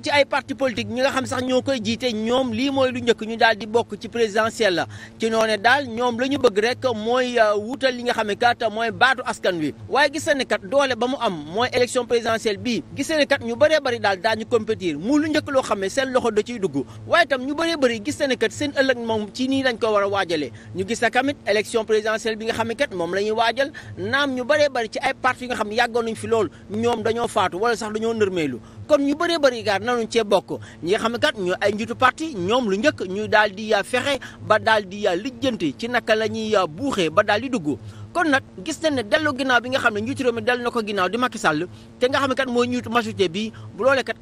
ci ay parti politique ñi nga xam sax ñoo koy jiite ñoom lii mooy lu njëkk ñu daal di bokk ci présidentielle la ci noone daal ñoom la ñu bëgg rek mooy euh, wutal li nga xam ne kat mooy baatu askan wi waaye gis sa ne kat doole ba mu am mooy élection présidentielle bi gis sa ne kat ñu bëree bëri daal daañu compétir mu lu njëkk loo xam ne seen loxo da ciy dugg waaye tam ñu bëree bëri gis na ne kat seen ëllëg moom ci nii lañ ko war a waajalee ñu gis na tamit élection présidentielle bi nga xam ne kat moom la ñuy waajal naam ñu bëree bëri ci ay parti yi nga xam ne yàggoon nañ fi lool ñoom dañoo faatu wala sax dañoo nërmeelu kon ñu bëree bëri gaar nanuñ cee bokk ñi nga xam ne kat ñu ay njiitu parti ñoom lu njëkk ñu daal di yaa ah, fexe ba daal di yaa ah, lijjanti ci naka la ñuy yaa ah, buuxee ba daal di dugg kon nag gis nañ ne dellu ginnaaw bi nga xam ne njiitu réew mi dellu na ko ginnaaw di Macky Sall te nga mooy njiitu majorité bi bu loolee kat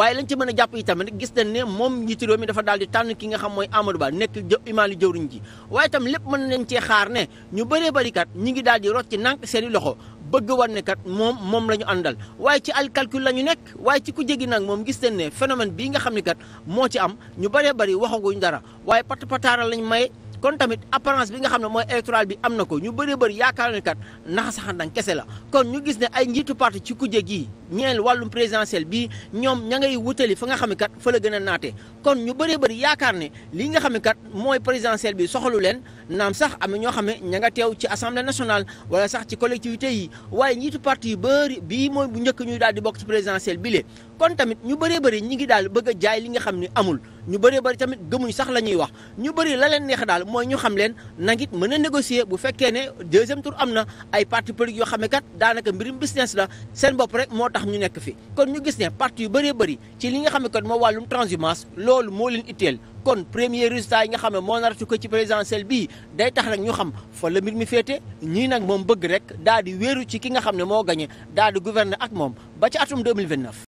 lañ ci mën a jàpp itamit gis nañ ne moom njiitu réew mi dafa daal di tànn ki nga xam mooy Amadou Ba nekk imaam li jëwriñ ji waaye itam lépp mën nañ cee xaar ne ñu bëree bëri kat ñi ngi daal di rot ci nànk seeni loxo bëgg wan ne kat moom moom la ñu àndal waaye ci al calcul la ñu nekk waaye ci ku jéggi nag moom gis nañ ne phénomène bii nga xam ne kat moo ci am ñu bëree bëri waxaguñ dara waaye pat pataaral lañ maye. kon tamit apparence bi nga xam ne mooy électoral bi am na ko ñu bëree bëri yaakaar ne kat naxa saxan dang kese la kon ñu gis ne ay njiitu parti ci kujje gii ñeel wàllum présidentiel bi ñoom ña ngay wutali fa nga xam ne kat fa la gën a naate kon ñu bëree bëri yaakaar ne li nga xam ne kat mooy présidentiel bi soxalu leen naam sax am na ñoo xam ne ña nga teew ci assemblée national wala sax ci collectivité yi waaye njiitu parti yu bëri bii mooy bu njëkk ñuy daal di bokk ci présidentiel bi le kon tamit ñu baree bëri ñi ngi daal bëgg a jaay li nga xam ni amul ñu bëree bëri tamit gëmuñ sax la ñuy wax ñu bëri la leen neex daal mooy ñu xam leen nangit mën a négocier bu fekkee ne deuxième tour am na ay parti politique yoo xam ne kat daanaka mbirum business la seen bopp rek tax ñu nekk fi kon ñu gis ne parti yu bëree bëri ci li nga xam ne kon moo wàllum transhumance loolu moo leen itteel kon premier résultat yi nga xam ne moo naratu ko ci présidentielle bi day tax nag ñu xam fa mbir mi féete ñii nag moom bëgg rek daal di wéeru ci ki nga xam ne moo gagné daal di gouverner ak moom ba ci atum 2029